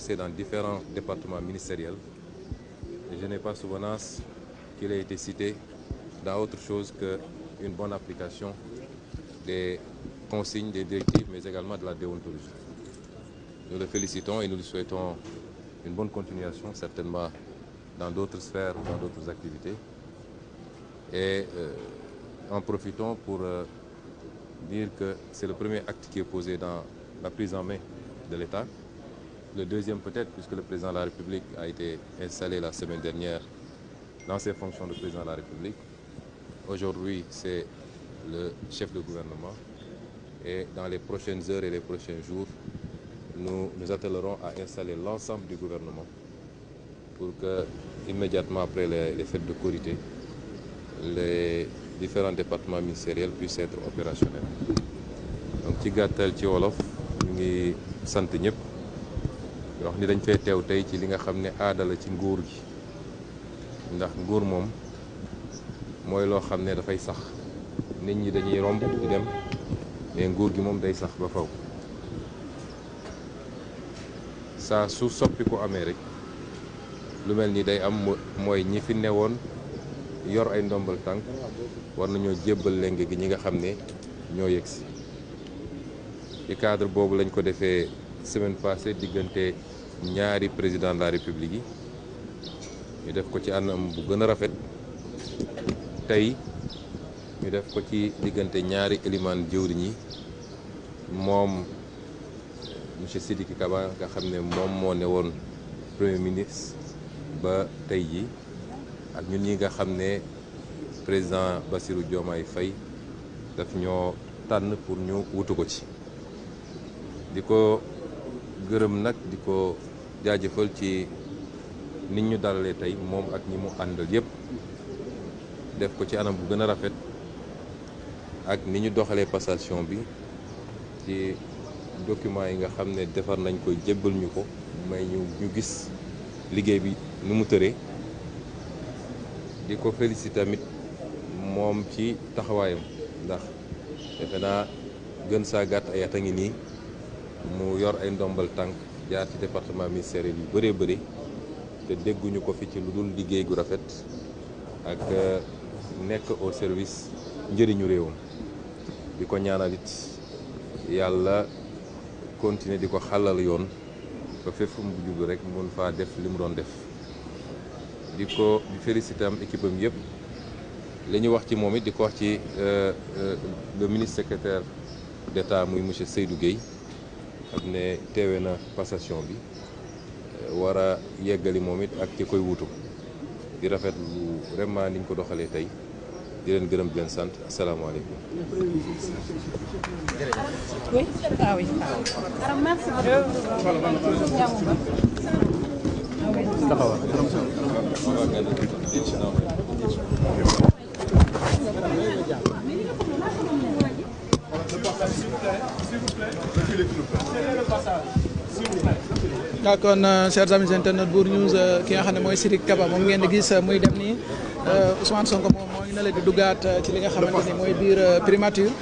C'est dans différents départements ministériels. Je n'ai pas souvenance qu'il ait été cité dans autre chose qu'une bonne application des consignes, des directives, mais également de la déontologie. Nous le félicitons et nous souhaitons une bonne continuation, certainement dans d'autres sphères, dans d'autres activités. Et euh, en profitons pour euh, dire que c'est le premier acte qui est posé dans la prise en main de l'État. le deuxième peut-être, puisque le président de la République a été installé la semaine dernière dans ses fonctions de président de la République. Aujourd'hui, c'est le chef de gouvernement. Et dans les prochaines heures et les prochains jours, nous nous attellerons à installer l'ensemble du gouvernement pour que, immédiatement après les, les fêtes de Corité, les différents départements ministériels puissent être opérationnels. Donc ci gàttal ci wolof ñu ñëpp. yoo xam ni dañ fee teew tey ci li nga xam ne aadala ci nguur gi ndax nguur moom mooy loo xam ne dafay sax nit ñi dañuy romb di dem mais nguur gi moom day sax ba faw saa su soppi ko amee rek lu mel ni day am mooy ñi fi newoon yor ay ndombal tànk war nañoo jébbal leng gi ñi nga xam ne ñoo yegsi ci cadre boobu lañ ko defee semaine passée diggante ñaari président la république yi ñu def ko ci anam bu gën a rafet tey ñu def ko ci diggante ñaari élimaan jëwriñ yi moom monsieur Sidiki Kaba nga xam ne moom moo ne woon premier ministre ba tey ji ak ñu ñi nga xam ne président Bassirou Diomaye Faye daf ñoo tànn pour ñu wutu ko ci di ko gërëm nag di ko jaajëfal ci nit ñu dalalee tey moom ak ñi mu àndal yépp def ko ci anam bu gën a rafet ak ni ñu doxalee passation bi ci document yi nga xam ne defar nañ koy jébbal ñu ko may ñu ñu gis liggéey bi nu mu tëree di ko féliciter tamit moom ci taxawaayam ndax defe naa gën saa gàtt ay a ngi nii mu yor ay ndombal tànk jaar ci département ministériel yu bëree bëri te dégguñu ko fi ci lu liggéey gu rafet ak euh, nekk au service njëriñu réewam di ko ñaanal yàlla continuer di ko xàllal yoon ba fépp mu jublu rek mun faa def li mu doon def di ko di félicité am équipe yëpp li ñu wax ci moom it di ko wax ci euh, euh, le ministre secrétaire d'État muy monsieur Seydou Guèye ak ne teewee na passation bi euh, war yeggali moom it ak ki koy wutu di rafet lu vraiment niñ ko doxalee tey di leen gërëm di leen sant asalaamaaleykum. oui. daa kon euh, chers amis internet Bour News euh, ki nga xam ne mooy Sidiki Kaba moom ngeen gis euh, muy dem nii Ousmane Sonko moom moo ngi na leen di duggaat ci li nga xamante ni mooy biir primature